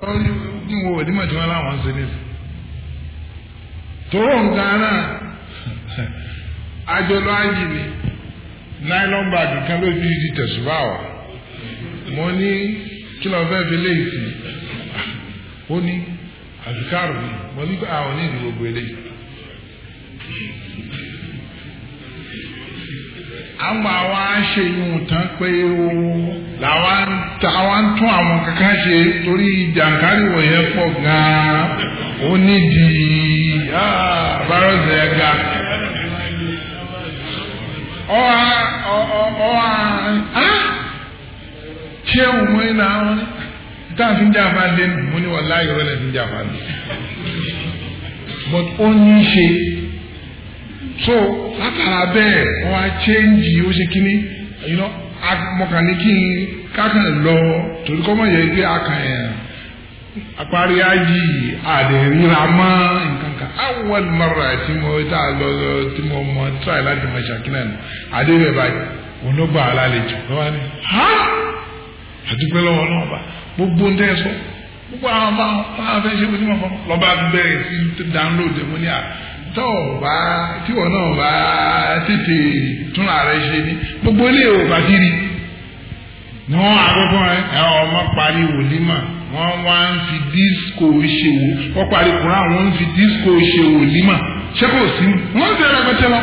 ní wo òdìmọ̀ tí wọ́n láwọn ṣe níbi tòró nǹkan náà ajọlọ ayé ni nylon bag ní kí lọ fẹ́ fi léèsì onye ní àfikàrò ni mo gbogbo àgbà wa ṣe yun tán pé o làwa ń tún àwọn kankan ṣe torí jàǹkárìwò yẹn pọ̀ gan-an ó nídìí bárọ̀sì ẹ̀ ga. ṣé òun mú iná wọn ní táà fi mú ní wọn láyé rẹ̀ fi ń jà but ó ní í ṣe so látara bẹ́ẹ̀ wọ́n á chéńjì ó ṣe kínní mọ̀kàn ní kí n kákan lọ torí kọ́ mọ̀ yẹ pé a kàn yẹn àparí ayé àlè ríra mọ́ nǹkan kan àwọn mara tí mo tá a lọ tí mo mọ tíráì láti mọ ṣàkínà nù àdé rẹ̀ báyìí wọn ló gbà á lálejò lọ́wọ́ ni ha àdúgbò lọ́wọ́ náà bá gbogbo ń tẹ́ sọ gbogbo àwọn bá wọn fẹ́ ṣe bó ti mọ̀ fọ́ lọ́ba bẹ̀rẹ̀ sí download ẹ̀ mo ní à ah, tó o bá tíwọ náà bá tètè túnra rẹ ṣe ní gbogbo ilé ò bá ti rí ni wọ́n àkọ́kọ́ ẹ ọmọ parí wòlímà wọ́n wá ń fi disco ṣe wò wọ́n parí kura wọ́n ń fi disco ṣe wòlímà ṣé kò sí wọ́n ń ṣe rẹpẹtẹ lọ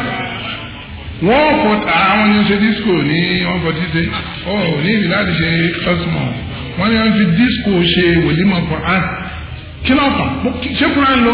wọ́n kọ àwọn ní ṣe disco ní wọ́n kọ títẹ ọ ní ìdí láti ṣe kọsùmọ wọ́n ní wọ́n fi disco ṣe wòlímà kọ á kí ló fà ṣé kura ń lo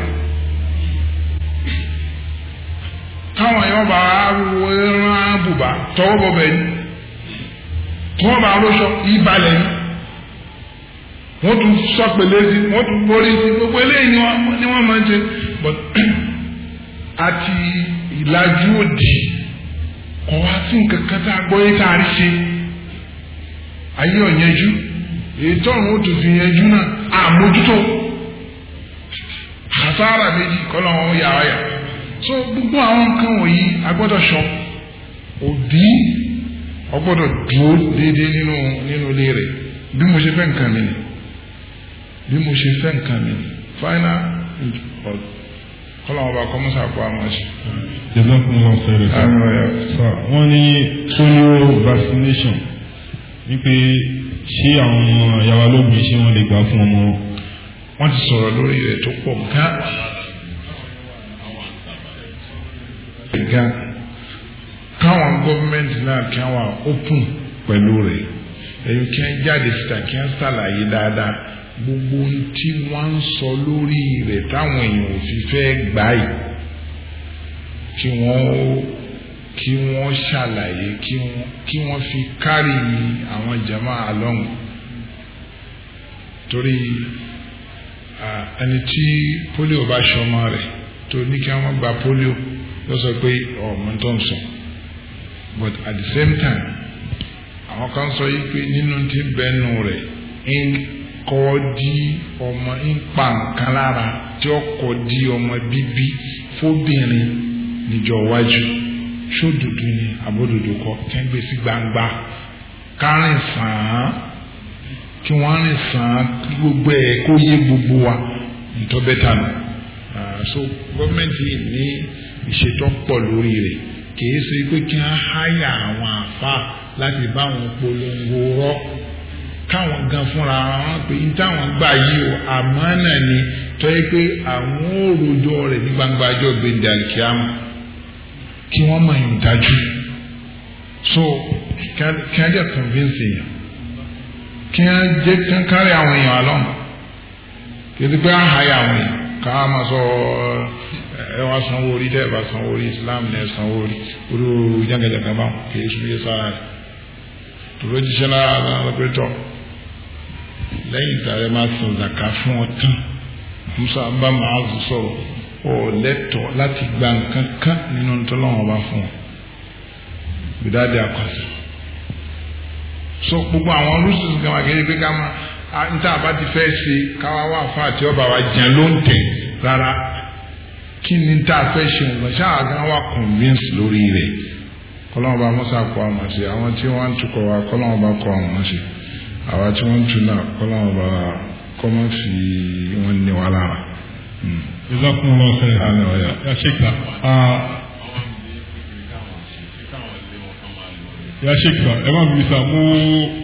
táwọn yóò bá rán bùbá tọwọ́ bọ̀ bẹ́ẹ̀ ni tí wọ́n bá rọṣọ ìbalẹ̀ ni wọ́n tún sọ̀pẹ̀lẹ̀ sí wọ́n tún borí sí gbogbo eléyìí ni wọ́n máa ń ṣe but àti ìlàjú òdì kọ̀ wá sí nǹkan kan tá a gbọ́ yìí tá a rí ṣe ayé ọ̀yẹ́jú èyí tọ́run ó tún fi yẹjú náà àmójútó àsáàrà méjì kọ́ lọ́wọ́ yàrá yàrá so gbogbo àwọn nǹkan wọ̀nyí agbọ́dọ̀ sọ òbí ọgbọ́dọ̀ dúró déédéé nínú nínú ilé rẹ̀ bí mo ṣe fẹ́ nǹkan mi ni bí mo ṣe fẹ́ nǹkan mi ni final kọ́lọ́mù ọba kọ́mọ́sà kó àwọn ṣe. jẹ́sọ́kùn lọ sẹ́rẹ̀ sọ wọ́n ní polio vaccination ní pé ṣé àwọn yàrá lóògùn ṣé wọ́n lè gbà fún ọmọ wọn. wọ́n ti sọ̀rọ̀ lórí rẹ̀ tó pọ̀ ká. gan káwọn gọ́ọ̀mẹ́ntì náà kí wọ́n open pẹ̀lú rẹ̀ ẹ̀yin kí wọ́n jáde síta kí wọ́n ṣàlàyé dáadáa gbogbo ohun tí wọ́n ń sọ lórí rẹ̀ táwọn èèyàn ò fi fẹ́ gbà yìí kí wọ́n kí wọ́n ṣàlàyé kí wọ́n fi kárí àwọn jama along torí ẹni tí polio bá ṣọmọ rẹ̀ tó ní kí wọ́n gba polio yóò sọ pé ọmọ tó ń sọ but at the same time àwọn kan sọ yìí pé nínú tí bẹnu rẹ̀ ń kọ́ di ọmọ ń pa nǹkan lára tí ó kọ́ di ọmọ bíbí fóbìnrin níjọ́ iwájú sódùdú ni àbódùdú kọ kẹ́ńgbé sí gbangba kárìn sàn án kí wọ́n rìn sàn án kí gbogbo ẹ̀ kó yé gbogbo wa ntọ́ bẹ́tà nù so gọ́ọ̀mẹ̀ntì ní ìṣètò pọ̀ lórí rẹ̀ kìí ṣe pé kí wọ́n háyà àwọn àfa láti bá wọn polongo rọ́ káwọn gan fúnra wọn pé ní táwọn gbà yìí o àmọ́ náà ni tọ́ yẹ pé àwọn òròjọ rẹ̀ ní gbangba ọjọ́ gbẹ̀ndàlìkíámù kí wọ́n mọ̀ ní dájú so kí wọ́n jẹ́ convince èèyàn kí wọ́n jẹ́ kí wọ́n kárí àwọn èèyàn alọ́nà kí wọ́n ti pé àháyà àwọn èèyàn ká máa sọ ẹ wá sanwó orí tẹ́ ẹ Islam ní ẹ sanwó orí orú jàǹgàjàǹgà bá kì í sún yé sára rẹ̀ tòró jíṣẹ́ lára lára pé tọ̀ lẹ́yìn ìtàrẹ́ máa san zaka fún ọ tán Musa bá máa zù sọ̀rọ̀ ọ lẹ́tọ̀ọ́ láti gba nǹkan nínú ntọ́lọ́wọ́n bá fún ọ gbèdáde àkọsí so gbogbo àwọn rúṣìṣì kan kéde pé ká máa níta bá ti fẹ́ ṣe káwá wà fún àti ọba wa jẹun ló ń tẹ̀ rárá kí ni níta fẹ́ ṣe ọ̀gbọ́n ṣáà gan wà convince lórí rẹ̀ kọ́lọ́n ọba mọ́sá kọ́ àwọn ṣe àwọn tí wọ́n ń tukọ̀ wa kọ́lọ́n ọba kọ́ àwọn ṣe àwa tí wọ́n ń tun náà kọ́lọ́n ọba fi wọ́n ní wa lára. ìlọ́kùnrin ọ̀sẹ̀ àná ọ̀yà. yà ṣe kà á. yà ṣe kà ẹ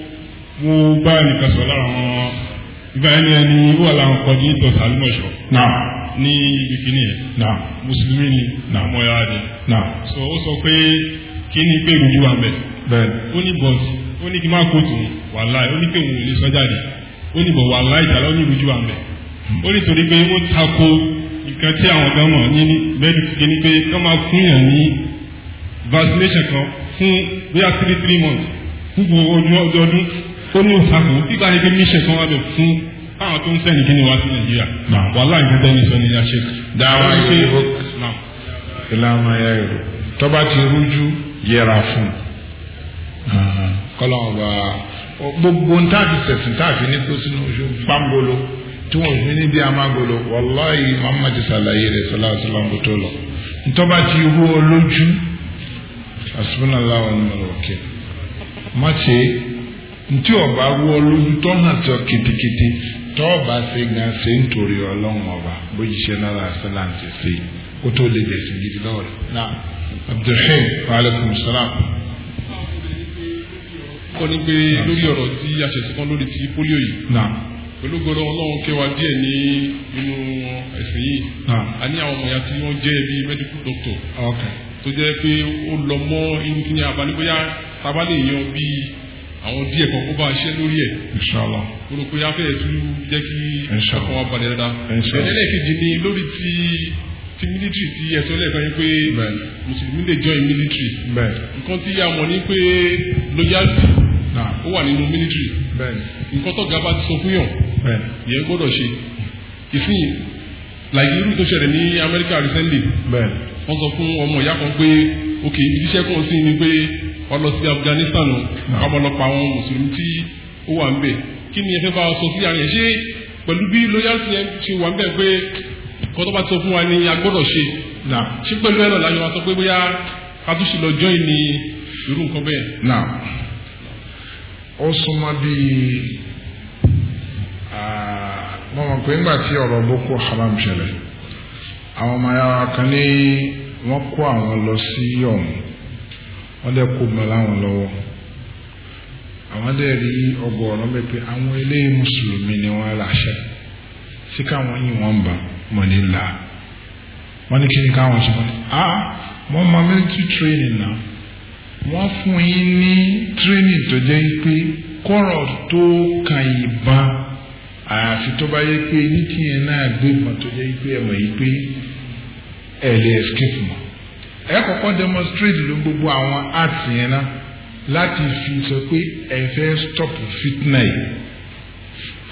mo bá ẹnìkan sọ lára wọn ìgbà ẹni ẹni wà láwọn kan ìtọ̀ sàlùmọ̀ṣọ́ ní ìbìkínì ẹ̀ mùsùlùmí ni mọ̀yá ni so ó sọ pé kí ni pé ìrùjú wa mẹ́ ó ní bọ́s ó ní kí má kó tún wà láì ó ní pé òun ò lè sọ jáde ó ní bọ̀ wà láì jàlá ó ní ìrùjú wa mẹ́ hmm. ó ní torí pé ó tako nǹkan tí àwọn kan mọ̀ ní bẹ́ẹ̀dì kìkì ni pé kán máa fún yàn ní vaccination kan fún bóyá three three months fún gbogbo ọdún ó ní òsàkó bíbá ni pé mission kan wà bẹ̀ fún àwọn tó ń sẹ́yìn kí ni wá sí nàìjíríà wàhálà nǹkan tẹ́lẹ̀ sọ ni yàtse. dáwà yòrò ìlànà ya yòrò tọ́ba ti rújú yẹra fún kọ́lọ́n ọba gbogbo ntàfi sẹ̀sìn tàfi ní kó sínú oṣù pangolo tí wọ́n fi ní bí wàláyé muhammad salaye rẹ̀ tó lọ ntọ́ba ti asúnmọ́nà ntí ọba wọ lójú tọ́nà tó kitikiti tọ́ọ̀bà ṣe gan ṣe ń torí ọlọ́run ọba bójúṣe náírà sẹ́lán ti ṣe kó tó lè dẹ̀sí gidi lọ́wọ́ na abdulhaim aleykum salaam. kọ́ ni pé lórí ọ̀rọ̀ tí a ṣẹ̀ṣẹ̀ kan lórí ti pólíò yìí. na pẹ̀lú gbọ́dọ̀ ọlọ́run kẹwa díẹ̀ ní inú ẹ̀sìn yìí. na a ní àwọn ọmọ ya tí wọ́n jẹ́ bíi medical doctor. ok tó jẹ́ pé ó lọ mọ́ ìdíyàn àbálẹ́ àwọn díẹ̀ kan kó bá a ṣe lórí ẹ̀. inshallah. kúròkó yá fẹ́ẹ̀ tún jẹ́ kí ọkàn wa balẹ̀ dáadáa. inshallah. ẹlẹ́kejì ni lórí ti ti military ti ẹ̀sọ́ lẹ́ẹ̀kan yín pé mùsùlùmí lè join military. nǹkan tí a mọ̀ ni pé loyalty ó wà nínú military. nǹkan tó ga bá ti sọ fún yàn yẹn gbọ́dọ̀ ṣe. ìsìn like irú tó ṣẹlẹ̀ ní America recently. wọ́n sọ fún ọmọ ìyá kan pé ok ibi iṣẹ́ kan sí ni pé wọ́n lọ sí Afghanistan ọmọlọpọ àwọn mùsùlùmí tí ó wà ń bẹ̀ kí ni ẹ fẹ́ bá wa sọ sí àárín ẹ̀ ṣé pẹ̀lú bí loyalty yẹn ṣe wà ń bẹ̀ pé kọ́tọ́ bá ti sọ fún wa ni a gbọ́dọ̀ ṣe nà ṣé pẹ̀lú ẹ̀rọ làyọ̀ wa sọ pé bóyá kátúṣì lọ join ni irú nǹkan bẹ́ẹ̀. nà ó súnmọ́ bíi mo mọ̀ pé ńgbà tí ọ̀rọ̀ Boko Haram ṣẹlẹ̀ àwọn ọmọ ayára kan ní wọ́n kó àwọn lọ sí ọ̀hún wọ́n dẹ̀ kó mọ́ láwọn lọ́wọ́ àwọn dẹ̀ rí ọgbọ̀ ọ̀rọ̀ bẹ́ẹ̀ pé àwọn eléyìí mùsùlùmí ni wọ́n láṣẹ sí káwọn yìí wọ́n bá mọ̀ ní là wọ́n ní kí ni káwọn sọ wọ́n ní wọ́n máa military training náà wọ́n fún yín ní training tó jẹ́ pé kọ́rọ̀ tó kan ìbọn àyàfi tó bá yẹ pé ní tíyẹn náà gbé ìbọn tó jẹ́ pé ẹ̀mọ̀ yìí pé ẹ̀ lè escape mọ́ ẹ kọ́kọ́ demonstrate ló gbogbo àwọn arts yẹn náà láti fi sọ pé ẹ fẹ́ stop fitna yìí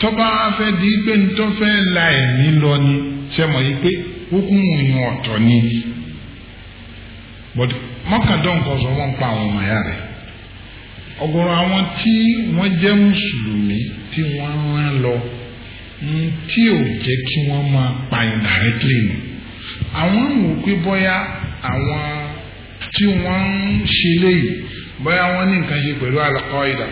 tọ́ba fẹ́ di pé nítorí fẹ́ la ẹ̀mí lọ ni ṣe mọ̀ yìí pé hukumu yìí ọ̀tọ̀ ni but mọ́kàndọ́nkọ̀ sọ wọ́n ń pa àwọn ọmọ ya rẹ̀ ọ̀gọ̀rọ̀ àwọn tí wọ́n jẹ́ mùsùlùmí tí wọ́n rán lọ tí ò jẹ́ kí wọ́n máa pa indirectly nù àwọn ń wò pé bọ́yá àwọn tí wọ́n ń ṣe léyìí bóyá wọ́n ní nǹkan ṣe pẹ̀lú Al-Qaida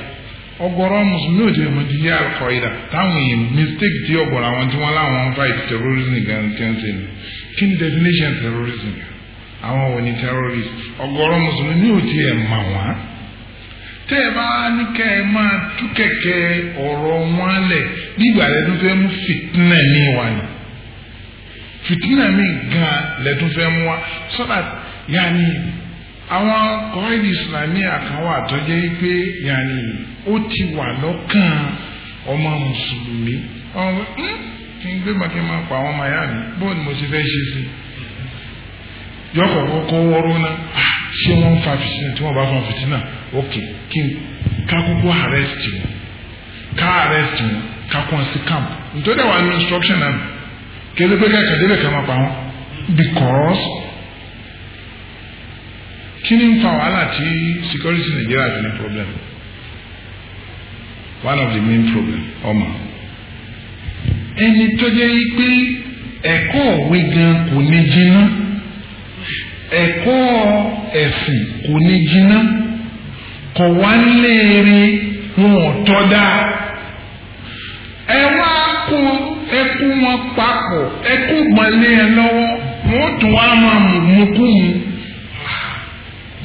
ọ̀gọ̀rọ̀ mùsùlùmí òjò ìmọ̀jìyà Al-Qaida táwọn èèyàn mistake tí ọ̀gọ̀rọ̀ àwọn tí wọ́n láwọn fight terrorism gan ti ń ṣe kí ni definition terrorism àwọn wo ni terrorist ọ̀gọ̀rọ̀ mùsùlùmí ò tiẹ̀ mà wọ́n tẹ́ ẹ bá ní kẹ́ ẹ máa tú kẹ̀kẹ́ ọ̀rọ̀ wọn lẹ̀ nígbà lẹ́tún fẹ́ mú fìtínà mi wá ni fìtínà mi gan lẹ́tún fẹ́ mú wá so that yanni àwọn kọ́ńtì islamiyà kan wà tó jẹ́ pé yanni ó ti wà lọ́kàn ọmọ mùsùlùmí ọmọ hmm, kí n gbé màkì máa pa àwọn ọmọ yá mi bóun ni mo ti fẹ́ ṣe sí i yọkọ̀ kọ́kọ́ wọ́rọ́ náà ah, ṣé wọ́n ń fa fìtínà tí wọ́n bá fa fìtínà ok kí n ká arrest wọn ká arrest wọn ká kún sí camp nítorí àwọn instruction náà kí ẹ ló gbé kẹ́kẹ́ débẹ̀ ká máa pa wọn because kí ni ń fa wàhálà tí security Nigeria fi ní problem one of the main problem ọmọ ẹni tó jẹ́ pé ẹ̀kọ́ òwe gan kò ní jiná ẹ̀kọ́ ẹ̀sìn kò ní jiná kò wá léèrè wọn ò tọ́ dáa ẹ wá kó ẹkú wọn papọ̀ ẹkú gbọ̀n lé ẹ lọ́wọ́ wọn ó tún wá máa mú kú mu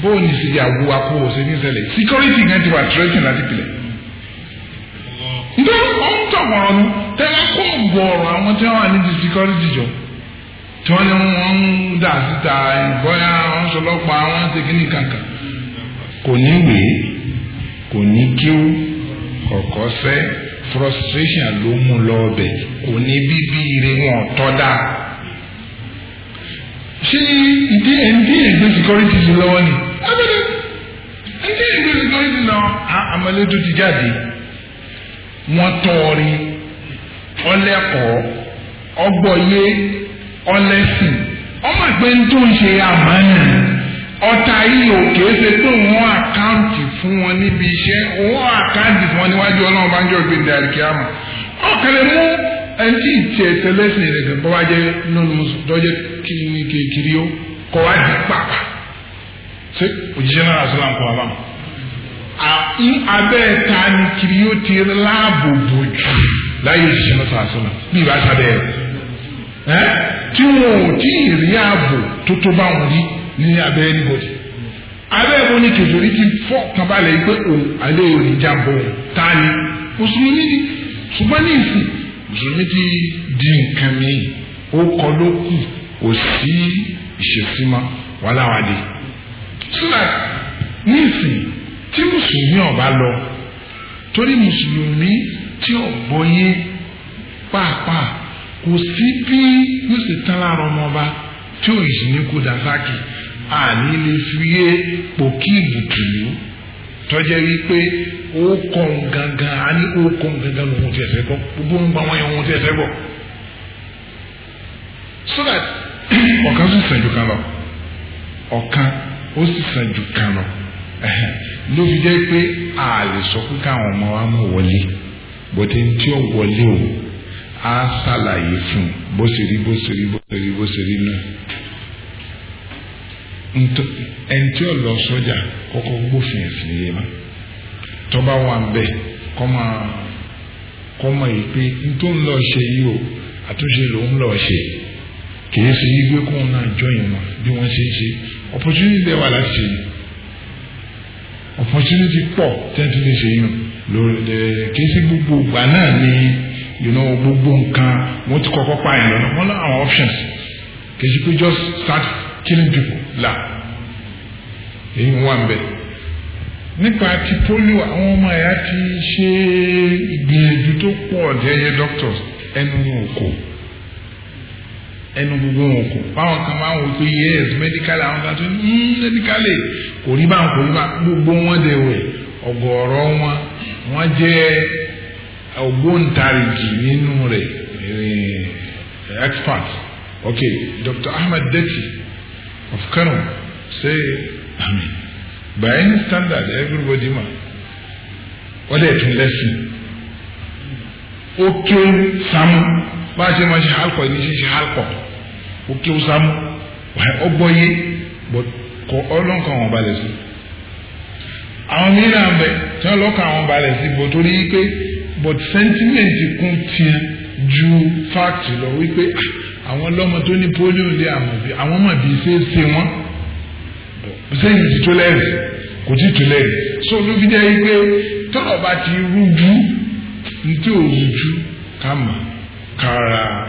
bóun ní sí àwọ akó òsè ní ṣẹlẹ̀ security gan ti wà tracing láti pilẹ̀. nítorí wọn ń tọ̀ wọ̀rọ̀ nu tẹ́lá kó gbọ̀ọ̀rọ̀ àwọn tí wọ́n wà nídìí security jọ tí wọ́n ní wọ́n ń dà síta ìbọ́yá wọn sọlọ́pàá wọn ṣe kankan. kò ní wèé kò ní kíw kọ̀kọ́ sẹ́ frustration ló mú lọ ọbẹ̀ kò ní bíbí ire wọn tọ́ dáa ṣé ìdí ẹ̀ǹdí èdè securities lọ́wọ́ ni abẹ́rẹ́ ẹ̀ǹdí èdè securities lọ́wọ́ amẹ́lẹ́tò ti jáde wọ́n tọ́ọ̀rí ọlẹ́kọ̀ọ́ ọgbọ̀yé ọlẹ́sìn ọmọ ìpè ń tó ń ṣe àmánà ọ̀tá yìí ò kìí ṣe pé wọ́n àkáǹtì fún wọn níbi iṣẹ́ wọ́n àkáǹtì fún wọn níwájú ọlọ́run bá ń jọ gbèǹdà àríkè àmọ́ ọ̀kẹ́lẹ́ mú ẹni tí ì tiẹ̀ tẹ́lẹ́sìn rẹ̀ nínú dọ́jẹ́ kiri kiri o kọ wá di pàpà ṣé òjíṣẹ́ náà àṣọ làǹkọ wa báwọn. abẹ́ ta ni kiri o ti láàbò bò jù láyé òjíṣẹ́ náà sàṣọ náà bí ìbá sábẹ́ ẹ̀ tí wọn ò tí ì rí ààbò tó tó bá wọn rí ní abẹ́ anybody abẹ́ ẹ̀bọ ni kẹfìrí ti fọ́ọ̀kan balẹ̀ pé òun alẹ́ o, jàǹbọ̀ òun ta ni mùsùlùmí ni ṣùgbọ́n ní ìsìn mùsùlùmí ti di nǹkan mi ó kọ ló kù kò sí ìṣesí mọ́ wàláwàdì sílẹ̀ nísìn tí mùsùlùmí ọba lọ torí mùsùlùmí tí ọ̀bọ yé pàápàá kò sí bí yóò ṣe tán lára ọmọọba tí ò sì ní kó dasaki àní lè fi yé pòkí ìbùtùlù tọ́jẹ́ wípé ó kọ́ gangan á ó kọ́ gangan lòun ti ẹ̀fẹ́ gbọ́ gbogbo ń gbà wọ́n yẹn wọ́n ti ẹ̀fẹ́ gbọ́ so that ọ̀kan tún sàn jù kan ó sì fi pé a sọ pé káwọn ọmọ wa wọlé bọ́tẹ́ o á ṣàlàyé fún un bó ṣe rí bó ṣe rí bó ṣe rí bó ṣe rí ẹni tí ó lọ sọ́jà kọ́kọ́ gbófin ma ń yìí pé ń o àtúnṣe lọ ṣe kìí ṣe gbígbé kóun náà join wọn bí wọ́n ṣe ń ṣe opportunity there, wà láti ṣe opportunity pọ̀ tẹ́tí lè ṣe yìí lórí ẹ̀ eh, kìí ṣe gbogbo ìgbà náà ni you know gbogbo nǹkan wọ́n ti kọ́kọ́ pààyàn lọ́nà wọ́n náà àwọn options kìí ṣe pé just start killing people la èyí wà ń bẹ̀ nípa ti polio àwọn ọmọ ẹ̀yà ti ṣe ìgbìyànjú tó pọ̀ jẹ́yẹ doctors ẹnu oko ẹnu gbogbo wọn kò kan máa ń wò pé yes medical àwọn kan tó ń hmm, medical kò rí gbogbo wọn dẹ̀ wẹ̀ ọ̀gọ̀ọ̀rọ̀ wọn wọ́n ògbóǹtarìgì nínú rẹ̀ eh, expert ok Dr. Ahmed Deti of Kano say amen by any standard everybody ma wọ́n dẹ̀ tún lẹ́sìn ó kéré sámú bá a ṣe máa ṣe halkọ̀ ní ṣíṣe halkọ̀ ó kí ó sámú ó gbọ́ yé kọ ọlọ́nkàn wọn balẹ̀ sí. àwọn mìíràn bẹ tí wọ́n lọ́kàn wọn balẹ̀ sí bó torí pé but sentiment kún tiẹ̀ ju fact lọ wípé ah, àwọn lọ́mọ tó ní polio lé àmọ̀ bí àwọn mọ̀ bí ṣe é ṣe wọ́n sẹ́yìn ti tó lẹ́rìí kò tí tó lẹ́rìí so ló fi jẹ́ pé tọ́lọ̀ bá ti rújú ní tí ò rújú ká mọ̀ kára.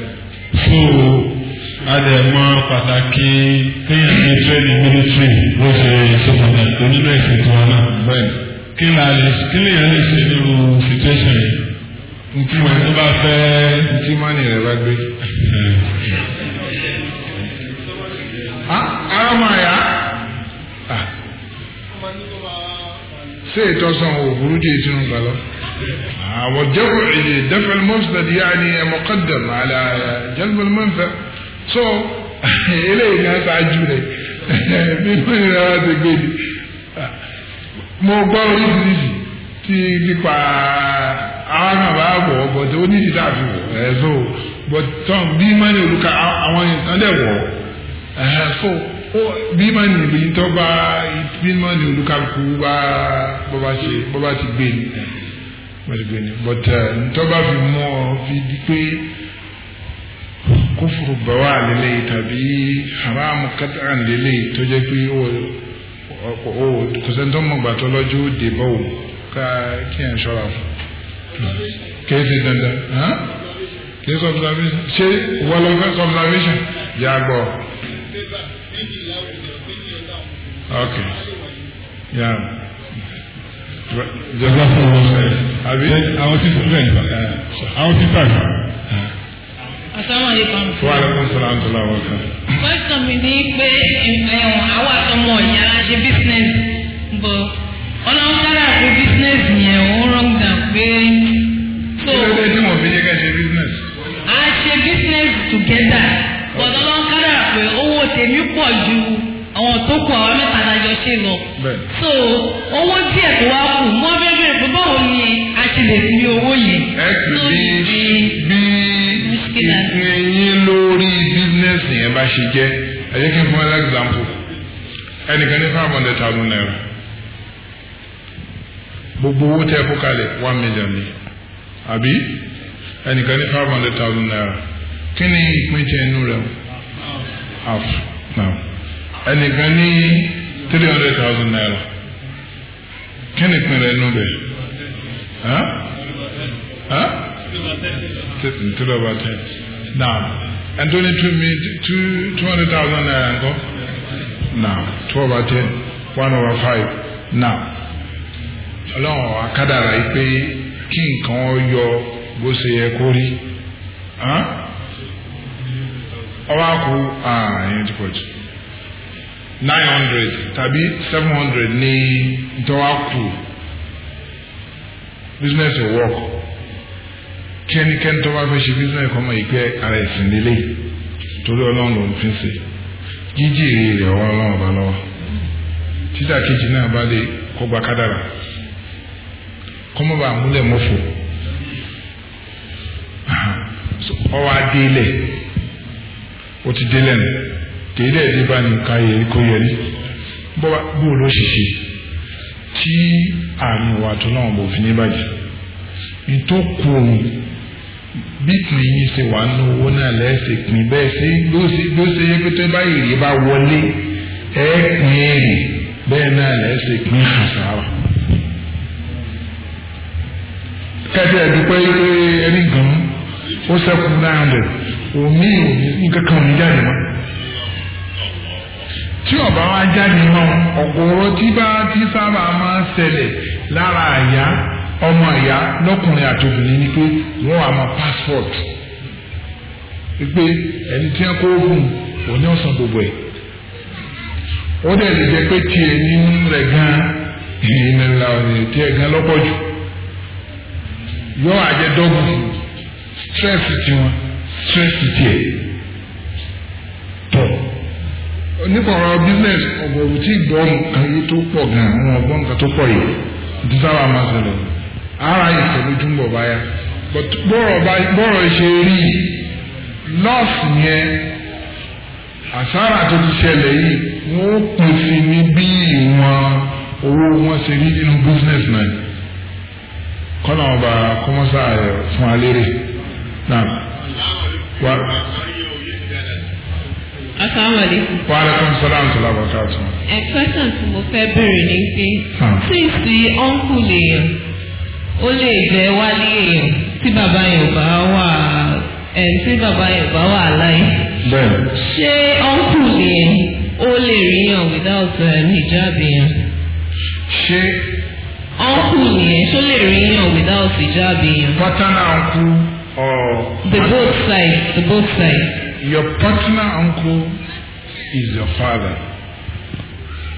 so adẹ̀mọ́ pàtàkì kéèyàn ní training military ló ṣe sọ́kọ̀dà tó nínú ẹ̀sìn tó wọn náà bẹ́ẹ̀ kí ni a lè kí ni èèyàn lè ṣe nínú situation yìí ntí wọn tó bá fẹ́ ntí mọ́ni rẹ̀ bá gbé. Ah, ara ah. máa yá ṣé ìtọ́sán òwúrú jẹ́ ìtinú gbà lọ. والجمع دفع المفسد يعني مقدم على جلب المنفع so eléyìí náà ṣáájú rẹ̀ nínú ìrìn àwọn ti gbé ni mo gbọ́ oríṣiríṣi ti nípa àwọn àbá wọ̀ bọ̀dé oníṣìí tàbí wọ̀ ẹ̀ so but tom bí mani olùkà àwọn ìtàn dẹ̀ wọ̀ ẹ̀ so bí mani ìlú yìí tó bá bí mani olùkà kú bá bá ti gbé ni mọ̀lẹ́gbẹ̀ ni but uh, ntọ́ba fi mú ọ fi di pé kófòrò bàwá lélẹ́yìí tàbí haramu kátà lélẹ́yìí tó jẹ́ pé ó kò sẹ́ńtọ́ mọ̀gbà tó lọ́jọ́ ó dé bọ́wò ká kí ẹ̀ ṣọ́ra fún kìí dandan kìí observation ṣé wọlọ́fẹ́ observation yà gbọ́ ok Yeah ìjọba fún wọn àbí àwọn tí tún bẹ́ẹ̀ nípa àwọn tí tà. asalaamualeykum. wa aleykum salaam tó la wọn kan. pásítọ̀ mi ní pé àwọn àtọmọ ìyá ṣe bísínẹ́sì bọ̀ ọlọ́run sára pé bísínẹ́sì yẹn òun rọ́ǹgà pé. kí ló dé tí mo fi jẹ́ ká ṣe bísínẹ́sì. a ṣe bísínẹ́sì together bọ̀dọ̀ ọlọ́run sára pé owó tèmi pọ̀ ju àwọn tó kù àwọn mẹ́ta lájọ ṣe lọ. so owó díẹ̀ tó wá kù mo fẹ́ bẹ̀rẹ̀ pé báwo ni a ṣe lè fi owó yìí. ẹ sì bí bí ìpínyín lórí bísínẹ́sì yẹn bá ṣe jẹ́ ẹ jẹ́ kí n fún ẹ lẹ́gbàmpù ẹnìkan ní five hundred thousand naira gbogbo owó tẹ́ kó kalẹ̀ one million ni àbí ẹnìkan ní five hundred thousand naira kí ni ìpín tẹ inú rẹ half now ẹnìkan ní three hundred thousand naira kí ni ìpín rẹ̀ nù bẹ̀ three over ten now ẹni tó ní two two hundred thousand naira ńkọ́ now two over ten one over five now ọlọ́run akádàrà yìí pé kí nǹkan yọ bó ṣe yẹ kó rí ọwọ́ àkú ààyè ti pọ̀ jù. nine tàbí seven hundred ní ntọ́wá business business work kẹ́nikẹ́ni tó bá fẹ́ ṣe business kọ́ mọ̀ ìpẹ́ ara ẹ̀sìn lélẹ̀ torí ọlọ́run ló ń fi ṣe jíjí èrè ọwọ́ ọlọ́run bá lọ́wọ́ títà kejì náà bá lè kó gba kádàrà kọ́mọ́ bá múlẹ̀ mọ́fò ọwọ́ kì í dẹ̀ dé bá nǹkan yẹ kó yẹrí bó ló ṣe ṣe tí àárín wa tó náà bò fi ní bàjẹ́ ìtòkù òun bí pin yín ṣe wà nínú owó náà lẹ́sẹ̀ pin bẹ́ẹ̀ ṣe ló ṣe yẹ pé tó bá èrè bá wọlé ẹ pin èrè bẹ́ẹ̀ náà lẹ́sẹ̀ pin àṣàrà. kẹ́tẹ́ ẹ̀dúpẹ́ ẹni gan ó sẹ́kù náà rẹ̀ òmí òmí nǹkan kan ò jáde mọ́ tí ọba wa jáde náà ọ̀gọ̀ọ̀rọ̀ tí bá ti sábà máa ń ṣẹlẹ̀ lára àyà ọmọ àyà lọ́kùnrin àti obìnrin ni pé wọ́n wà máa passport pé ẹni tí wọ́n kó oògùn òní ọ̀sán gbogbo ẹ̀ ó dẹ̀ lè jẹ́ pé tiẹ̀ nínú rẹ̀ gan-an ìrìnà ńlá ọ̀nìyàn tiẹ̀ gan-an lọ́pọ̀ jù yọ àjẹ dọ́gùn stress tiwọn stress tiẹ̀ tọ̀ nípa ọ̀rọ̀ business ọ̀bọ̀ òwú tí ìgbọ́ ayé tó pọ̀ gan àwọn ọgbọ́n nǹkan tó pọ̀ yìí ti sábà máa ṣẹlẹ̀ ara ìṣẹ̀lẹ̀ túnbọ̀ báyà bọ́rọ̀ ṣe rí lọ́ọ̀sì yẹn àsárà tó ti ṣẹlẹ̀ yìí wọ́n pín sí ní bí ìwọ̀n owó wọn ṣe rí nínú business náà kọ́nà ọba kọ́mọ́sá fún alérè náà asalaamualeykum. wa aleykum salaam tó lábọ̀ káàtó. ẹ question tí mo fẹ́ bèrè ni pé tí ìsì ọ́nkù lèèyàn ó lè jẹ́ wálé èèyàn tí bàbá yẹn bá wà ẹ̀ tí bàbá yẹn bá wà láyé. bẹ́ẹ̀. ṣé ọ́nkù lèèyàn ó lè rí yàn eh, without hijab yẹn. ṣé. ọ́nkù lèèyàn ṣó lè rí yàn without hijab yẹn. pátánà ọ̀nkù. The both sides, the both sides. Your paternal uncle is your father.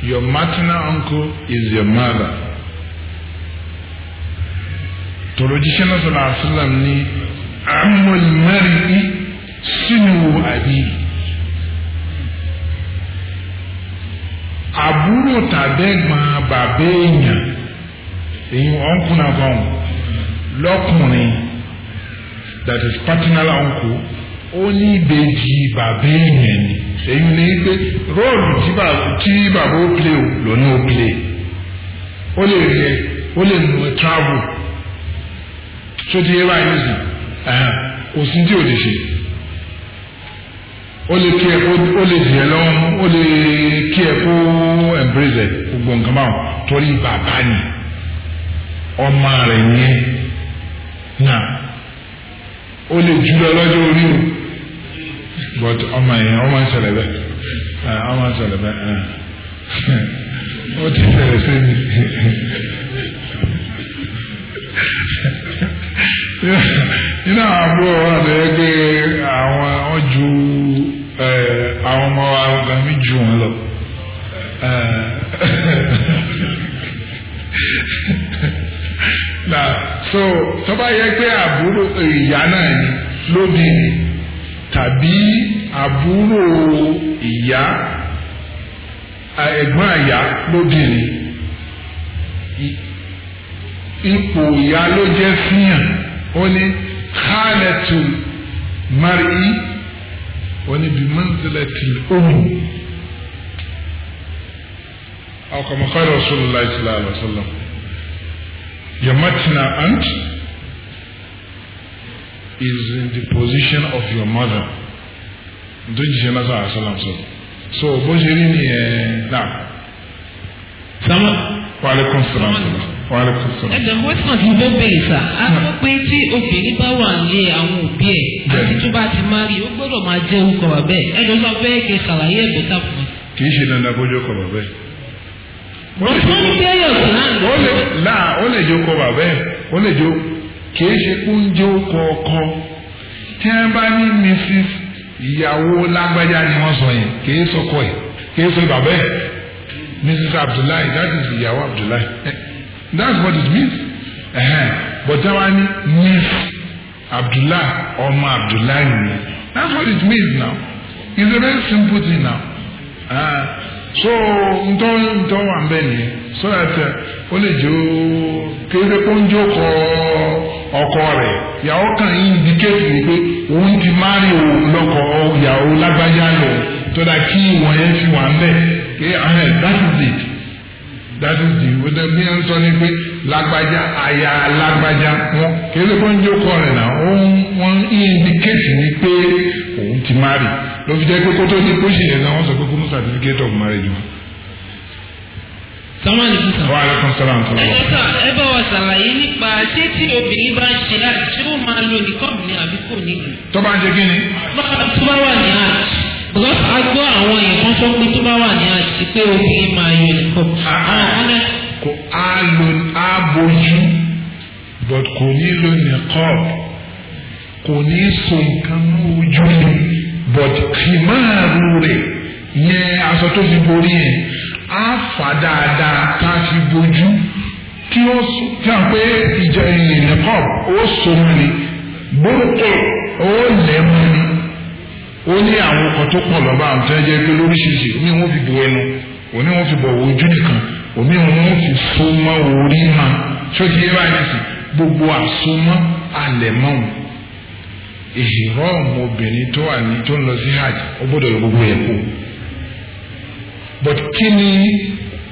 Your maternal uncle is your mother. Tòlójíṣẹ́ náà sọ̀rọ̀ àṣìlám ní amúl mẹ́rìndí sínú abi Àbúrò tàbẹ́gbọ̀n bàbá èèyàn èyí ọ̀nkùnà kan that is paternal uncle ó ní ìbejì bàbá èèyàn ni èyí ni pé róòlù tí bàbá ó play lónà ó play ó lè rẹ ó lè nù travel tó ti yé báyìí nìyí kò sí tí ò lè ṣe ó lè kí ẹ ó lè dìé lọ́wọ́ ó lè kí ẹ kó embrace gbogbo nǹkan báwọn torí bàbá ni ọmọ rẹ̀ yẹn náà ó lè jùlọ lọ́jọ́ orí o but ọmọ yẹn ọmọ ń ṣẹlẹ̀ bẹ́ẹ̀ ọmọ ń ṣẹlẹ̀ bẹ́ẹ̀ ó ti ṣẹlẹ̀ sí mi. nínú àwọn àbúrò wa lè gbé àwọn wọn ju àwọn ọmọ wa gan mi ju wọn lọ. so tó bá yẹ pé àbúrò ìyá náà ni lóbi ni tàbí àbúrò ìyá ẹ̀gbọ́n àyà lóbìnrin ipò ìyá ló jẹ́ fihàn ó ní khalatul mar'i ó ní bi manzilatil umm aw kama qala rasulullah sallallahu yamatina anti is in the position of your mother nítorí jíṣẹ́ náà sọ àṣàlám sọ so bó ṣe rí nìyẹn náà. sàmà wàhálà kọ́ńsọ̀rọ̀ wàhálà kọ́ńsọ̀rọ̀. ẹ̀dọ̀ wẹ́sàn tí mo bèèrè sà á sọ pé tí obìnrin bá wà ní àwọn òbí ẹ̀ àti tó bá ti máa rí ó gbọ́dọ̀ máa jẹ́ orúkọ bàbẹ́ ẹ̀dọ̀ sọ pé kí ṣàlàyé ẹ̀bẹ̀ tà fún mi. kì í ṣe dandan bójú ọkọ bàbẹ́. mo ti sọ pé ó kìí ṣe oúnjẹ kọ̀ọ̀kan tí wọ́n bá ní mrs ìyàwó lágbájá ni wọ́n sọ yẹn kìí sọkọ ẹ̀ kìí sọ bàbá ẹ̀ mrs abdullahi that is ìyàwó abdullahi that's what it means but táwa ní Mrs. abdullahi ọmọ abdullahi nìyẹn that's what it means now it's a very simple thing now. Uh, so ntọ́ ntọ́ wà ń bẹ̀ nìyẹn so that ó lè jẹ́ ó kéde kó ń jókòó. ọkọ rẹ̀ yàwó kan indicate ni pé òun ti márì o lọ́kọ yàwó lágbájá lò tọ́da kí ìwọ̀n yẹn fi wà ahẹ́ that is it that is it wọ́n ni pé lágbájá aya lágbájá wọn kéde kó ń jókòó rẹ̀ náà wọ́n indicate ni pé òun ti pé kótó ti sọ pé certificate of marriage sàmánì fún sàn. wàhálà kan sọ̀rọ̀ àǹtọ̀ lọ. ẹjọ́ sà ẹ bá wa ṣàlàyé nípa ṣé tí obìnrin bá ń ṣe láti ṣé ó máa lo nìkan ní àbí kò ní. tó bá ń ṣe kí ni. tó bá wà ní àjì because a gbọ́ àwọn èèyàn sọ pé tó bá wà ní àjì pé obìnrin máa yọ nìkan. Ah, kò á lo á bojú but kò ní lo nìkan kò ní so nǹkan mú ojú ni but kìmáàrú rẹ̀ yẹn aṣọ tó fi borí yẹn á fà dáadáa tá a fi bojú tí ó fẹ́ pé ìjọ ìnìkọ́ ó so mọ́ ni burúkú ó lẹ̀ mọ́ ni ó ní àwọn ọkọ̀ tó pọ̀ lọ́ba àwọn tó ń jẹ́ pé lóríṣiríṣi ní wọ́n fi bo ẹnu òní wọ́n fi bọ̀ ojú nìkan òní wọ́n fi so mọ́ orí ma tó ti yé báyìí nìsín gbogbo àsomọ́ alẹ̀mọ́ ìhìrọ́ ọmọbìnrin tó wà ní tó ń lọ sí hajj ó gbọ́dọ̀ gbogbo ẹ̀ kú but kí ni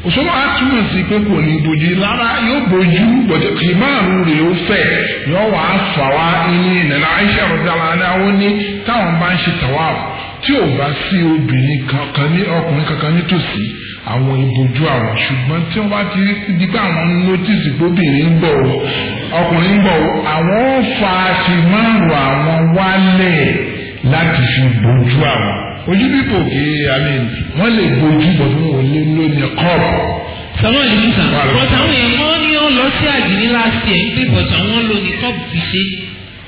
òṣòwò á túmọ̀ sí pé kò ní bojú lára yóò bojú but ìmáàmù rẹ̀ ó fẹ̀ yóò wá fà wá ní ìnana Aisha rọ̀dàlá aláwọ̀ ní táwọn bá ń ṣe tàwáàbù tí ò bá sí obìnrin kankan ní ọkùnrin kankan nítòsí àwọn ìbojú àwọn ṣùgbọ́n tí wọ́n bá ti di pé àwọn notice gbóbìnrin ń bọ̀ ọkùnrin ń bọ̀ àwọn fa ti márùn àwọn wálẹ̀ láti fi bojú àwọn ojú bíbò kì í àmì wọ́n lè gbójú bọ̀ fún òní lónìí kọ́ọ̀bù. sọlá yìí sàn bọ́tà àwọn èèyàn wọ́n ní ó lọ sí àjìní láti ẹ̀ ń pè bọ́tà wọ́n lò ní kọ́ọ̀bù fi ṣe.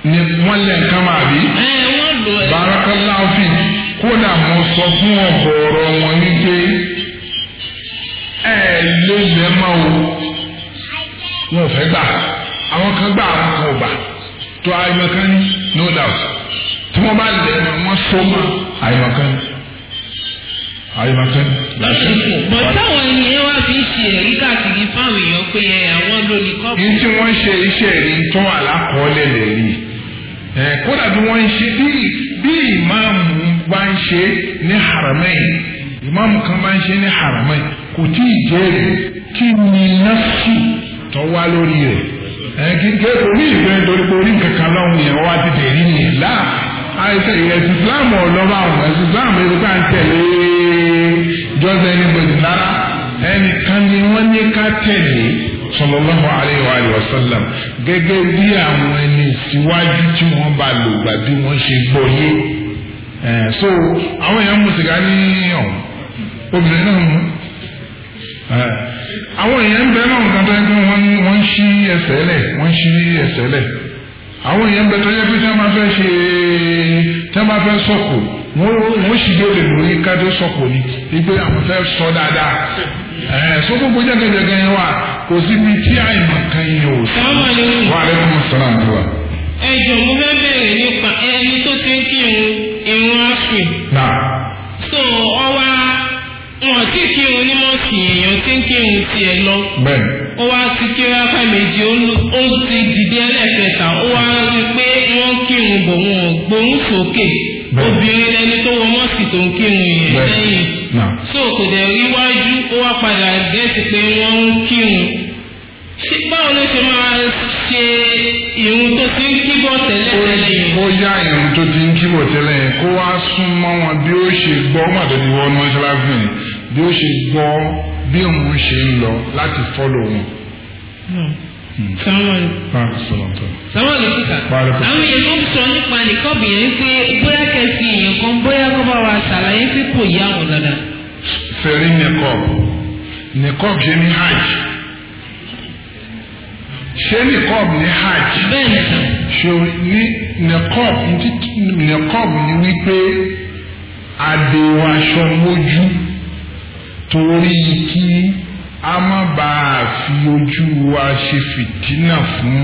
ni wọ́n lẹ̀ ń kámá àbí. ẹ wọ́n lò ẹ. barakallahu fi kódà mo sọ fún ọ̀gọ̀ọ̀rọ̀ wọn wípé ẹ ló lẹ́ máa wo wọn ò fẹ́ gbà àwọn kan gbà àwọn kan ò gbà tó ayọ̀ kan no doubt tí wọ́n bá lẹ̀ wọ́n sọ máa àyèmọ̀kan àyèmọ̀kan. bọ̀táwọn ènìyàn wá fi ń ṣe ẹ̀rí káàkiri fáwọn èèyàn pé àwọn lónìí kọ́ọ̀bù. ní tí wọ́n ṣe iṣẹ́ rí ń tán àlákọọ́lẹ̀ lè rí kódà bí wọ́n ń ṣe bí ìmáàmù bá ń ṣe ní haramẹ́yìn ìmáàmù kan bá ń ṣe ní haramẹ́yìn kò tí ì jẹ́rìí kí ni nafsi tó wá lórí rẹ̀ kí n kẹ́ orí ìgbẹ́ nítorí pé orí nǹkan kan lọ́hùn yẹn wá ti dẹ̀rí àìsàn ẹ̀sìn islam ọ̀lọ́ba ọ̀hún ẹ̀sìn islam ẹ̀sìn islam tẹ̀lé jọ́sẹ̀ ẹni bẹ̀rẹ̀ lára ẹnì kan ni wọ́n ní ká tẹ̀lé sallallahu alayhi wa sallam gẹ́gẹ́ bí àwọn ẹni síwájú tí wọ́n bá lò gbà bí wọ́n ṣe gbọ́ yé so àwọn èèyàn mú sìgá ní ọ̀hún obìnrin náà mú àwọn èèyàn ń bẹ náà nǹkan tó ń gbé wọ́n ń ṣí ẹsẹ̀ lẹ̀ wọ́n ń ṣí ẹsẹ̀ lẹ̀ àwọn èèyàn bẹ tó yẹ pé tí wọ́n máa fẹ́ ṣe tí wọ́n máa fẹ́ sọ̀kò wọ́n sì gbé olè lórí kádó sọ̀kò ni wípé àwọn fẹ́ sọ dáadáa ẹ̀ sọ gbogbo jẹ́gẹ́jẹ́gẹ́ yẹn wà kò síbi tí àìmọ̀ kan yẹn ò sí wà lẹ́nu mọ̀sánà àdúrà. ẹ jọ̀ọ́ mo fẹ́ bẹ̀rẹ̀ nípa ẹni tó ti ń kírun ìrún àfìn. so ọwọ́ wọn tí kírun ní mọ́ọ̀sì èèyàn tí ń kírun tiẹ̀ lọ. bẹ́ẹ̀. ó wá sí kí rákà méjì ó ti dìde ẹlẹ́ẹ̀kẹta ó wá rí pé wọ́n kírun bọ̀ wọn gbóhùn sókè. obìnrin ẹni tó wọ mọ́ọ̀sì tó ń kírun yẹn lẹ́yìn. so kò dẹ̀ rí wájú ó wá padà gẹ́sì pé wọ́n ń kírun. ṣé báwo ló ṣe máa ṣe ìrun tó ti ń kíbọ̀ tẹ́lẹ̀ tẹ́lẹ̀ yẹn. ó yá ìrun tó ti ń kíbọ̀ tẹ́lẹ̀ yẹn kó wá sún mọ́ wọn bí ó ṣe gbọ́ màdé bí ó ṣe gbọ́ bí òun ṣe ń lọ láti fọ́lọ̀ wọn. sàmúlò sàmúlò ló kíkà àwọn èèyàn tó ń sọ nípa nìkọ́bìnrin pé bóyá kẹsì èèyàn kan bóyá kó bá wa ṣàlàyé pé kò yá wọn dáadáa. fẹ̀rí nìkọ́bù nìkọ́bù ṣe ní hajj ṣé nìkọ́bù ní hajj. bẹ́ẹ̀ni sàn. ṣe ní nìkọ́bù ní wípé adéwàṣọ mójú. torí kí a má bàa fi ojú wa ṣe fìtínà fún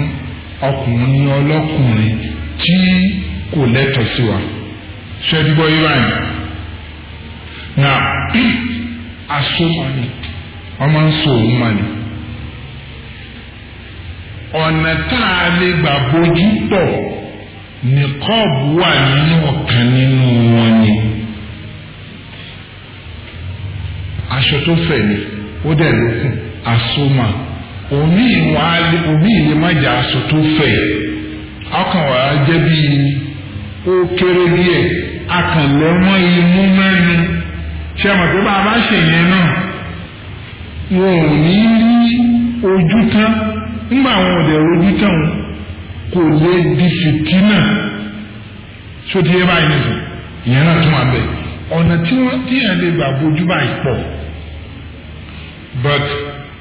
ọkùnrin ọlọ́kùnrin tí kò lẹ́tọ̀ọ́ sí na asomani ọmọ nsọ òun mani ọ̀nà tá a lè gbà bójú aṣọ tó fẹ̀ ni ó dẹ̀ lókun àsomà omi ìwọ̀n alẹ́ omi ìlẹ̀ má jẹ́ aṣọ tó fẹ̀ ọkàn wà á jẹ́ bíi ó kéré díẹ̀ akànlọ́mọ imú mẹ́nu ṣé àmọ̀ pé bá a bá ṣèyẹn náà wọn ò ní rí ojú tán nígbà àwọn ọ̀dẹ̀ ojú tán kò lè di fìtínà sódìé báyìí náà tún wà but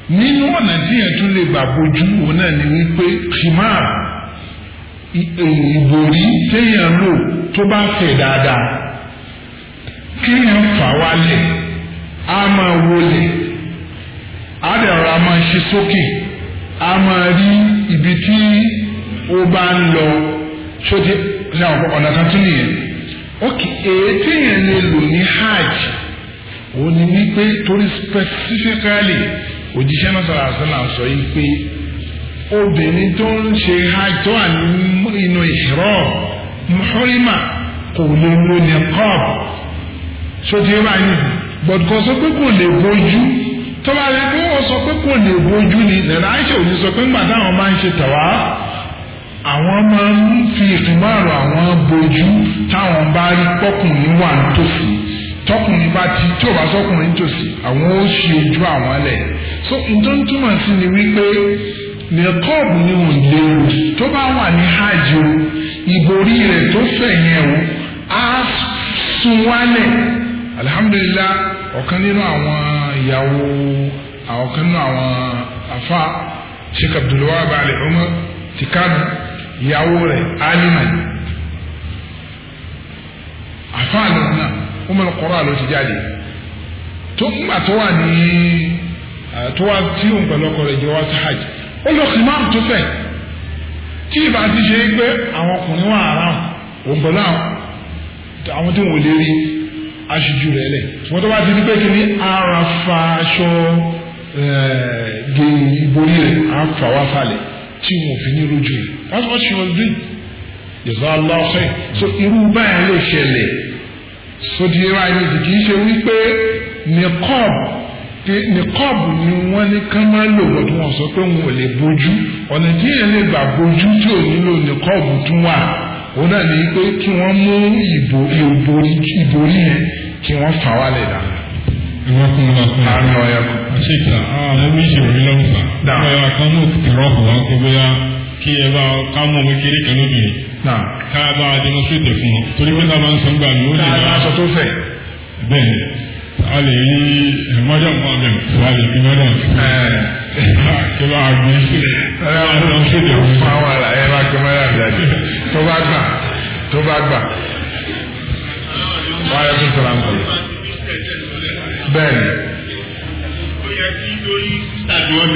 nínú ọ̀nà tí yẹn tún lè gbà bójú òun náà ni wípé khimar ìbòrí téèyàn lò tó bá fẹ̀ dáadáa kéèyàn fà wálẹ̀ á máa wọlé á dẹ̀ ra máa ṣe sókè á máa rí ibi tí ó bá ń lọ ṣó ti ọ̀nà kan tún nìyẹn ok èyí téèyàn lè lò ní hajj. òun ni wípé torí specifically òjíṣẹ́ náà sọ̀rọ̀ àṣẹ náà sọ yìí pé obìnrin tó ń ṣe hajj tó wà nínú ihram muhrima kò lè lo niqab sotí ẹ báyìí but kò sọ pé kò lè bójú tó bá rí pé wọ́n sọ pé kò lè bójú ni nàdá àìṣe òní sọ pé ńgbà táwọn máa ń ṣe tàwa àwọn máa ń fi ìfìmọ̀ràn àwọn bójú táwọn bá rí pọ́kùnrin wà nítòsí tọkùnrin bá ti tí ò bá sọkùnrin tòsí àwọn ó ṣe ojú àwọn lẹ̀ so nítorí túmọ̀ sí ni wípé nìkọ́ọ̀bù ni ò léwu tó bá wà ní hajj o ìborí rẹ̀ tó fẹ̀ yẹn o á sun wálẹ̀ alhamdulillah ọ̀kan nínú àwọn ìyàwó ọ̀kan nínú àwọn afa sheikh abdulwahab ali umar ti kánú ìyàwó rẹ̀ alima afa lọ́nà. Ummul Qura ló ti jáde tó ńgbà tó wà ní tó wà tí òun pẹ̀lú ọkọ rẹ̀ jẹ́ wá sí hajj ó lọ sí máàmù tó fẹ̀ tí ìbá ti ṣe pé àwọn ọkùnrin wà around òun pẹ̀lú àwọn tí wọ́n lè rí aṣojú rẹ̀ lẹ̀ ṣùgbọ́n tó bá ti di pé kí ni ara fa aṣọ gé ìborí rẹ̀ á fà wá falẹ̀ tí wọn fi ní rojú rẹ̀ that's what she was doing. Jazakallah khair so irú báyìí ló ṣẹlẹ̀ sódì yẹn wáyé nìsí kì í ṣe wípé nìkọ́ọ̀bù ni wọ́n ní ká máa lò wọ́n tí wọ́n sọ pé wọn ò lè bójú ọ̀nà tí yẹn lè gbà bójú tí ò nílò nìkọ́ọ̀bù tún wà òun náà ní pé kí wọ́n mú ìborí yẹn kí wọ́n fà wálẹ̀ dànù. ìwọ́kùn náà fún mi. ọ̀yà kù. àṣìkà àwọn ọmọ méjì ò rí ọ̀yà kan náà ti rọ́ọ̀bù wá pé bóyá kí ẹ bá ká mọ ọmọ kéré kan lóbìnrin ká bá a demonstrate fún wọn torí pé táwọn sọ gbà mí ó lè máa aṣọ tó fẹ̀. bẹ́ẹ̀ a lè rí mọ́dà mọ́dà wà lè rí mọ́dà kí bá gbé ẹ bá a demonstrate fún wọn. fáwọn àlà ẹ bá gbé mọ́dà jáde tó bá gbà tó bá gbà wọ́n á yẹ kó sọ̀rọ̀ àǹkọ̀lẹ̀. bẹ́ẹ̀ ni. ó yẹ kí lórí sísá ni wọ́n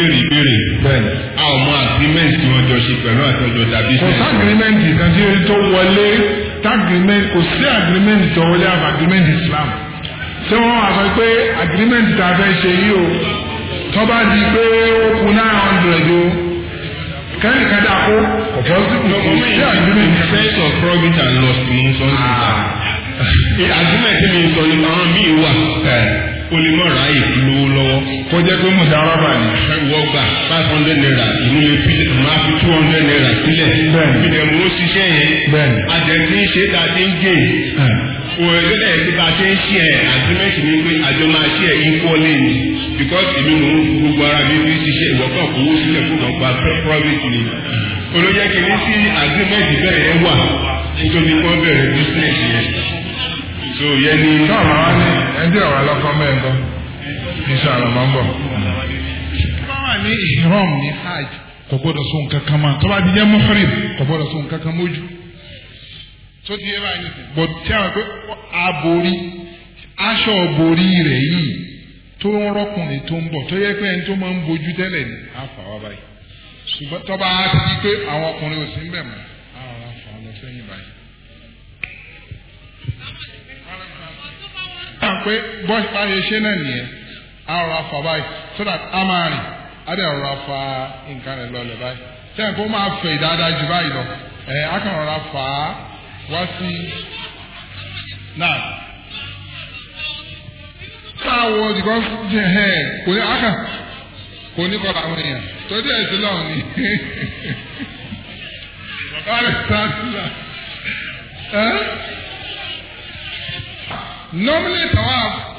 béèrè ọmọ agreement tí wọ́n jọ ṣe pẹ̀lú àtọ́jọ tàbí ṣe. kò sí agreement kan tí ó tó wọlé tágreement kò sí agreement tó wọlé àbá agreement Islam ṣé wọ́n wá sọ pé agreement tá a fẹ́ ṣe yìí o tó bá di pé ó kù nine hundred o kẹ́rin kan dà kó kò sí agreement. first of profit and loss ni sọ́nsìn. Ah. agreement mi sọ ni àwọn míì wà. Eh o lè mọ̀ ráyè lówó lọ́wọ́ kó jẹ́ pé mo dára bà ní. wọ́n gbà five hundred naira ìmúlẹ̀ fílẹ̀ máa fi two hundred naira sílẹ̀. bẹ́ẹ̀ni ìbílẹ̀ mo ń ṣiṣẹ́ yẹn. bẹ́ẹ̀ni àjẹsí ń ṣe tá a ti ń gé. òwe lọ́dẹ̀ tí bá a ṣe ń ṣe ẹ̀ agreement ni pé àjọ máa ṣe ẹ̀ equally ni because èmi mò ń gbogbo ara mi fi ṣiṣẹ́ ìwọ́kàn kówó sílẹ̀ fún ọ̀gbà private ni. olóyè kìíní sí agreement bẹ́ẹ̀ so yẹn ni. sọ ma wá ní ẹdí ọ̀rọ̀ alọ́kọ́ bẹ́ẹ̀ gbọ́ iṣẹ́ àlọ́ máa ń bọ̀. báwa ní ìhìrọ́m ni, hajj kò gbọ́dọ̀ sún kankan máa tọ́ba ti jẹ́ mọ́fẹ́rì kò gbọ́dọ̀ sún kankan mójú. tó ti yẹ báyìí bọ̀ tí a pé aborí aṣọ borí rẹ̀ yìí tó ń rọ́kùnrin tó ń bọ̀ tó yẹ pé ẹni tó máa ń bojú tẹ́lẹ̀ ní àfàwà báyìí ṣùgbọ́n tọ́ba á ti pé àwọn ọkùnrin ò sí ń bẹ̀ mọ́ pé bọ́ báyé ṣe náà nìyẹn a rọra fà báyìí so that a máa rìn a dẹ̀ rọra fà nǹkan rẹ̀ lọlẹ̀ báyìí sẹ́yìn kó máa fẹ̀ dáadáa jù báyìí lọ ẹ̀ a kàn rọra fà á wá sí náà táwọn because kò ní a kàn kò ní kọ́ àwọn èèyàn tó dé ẹ̀sìn lọ́wọ́ ni bàbá rẹ̀ sí náà. Normally, tawaf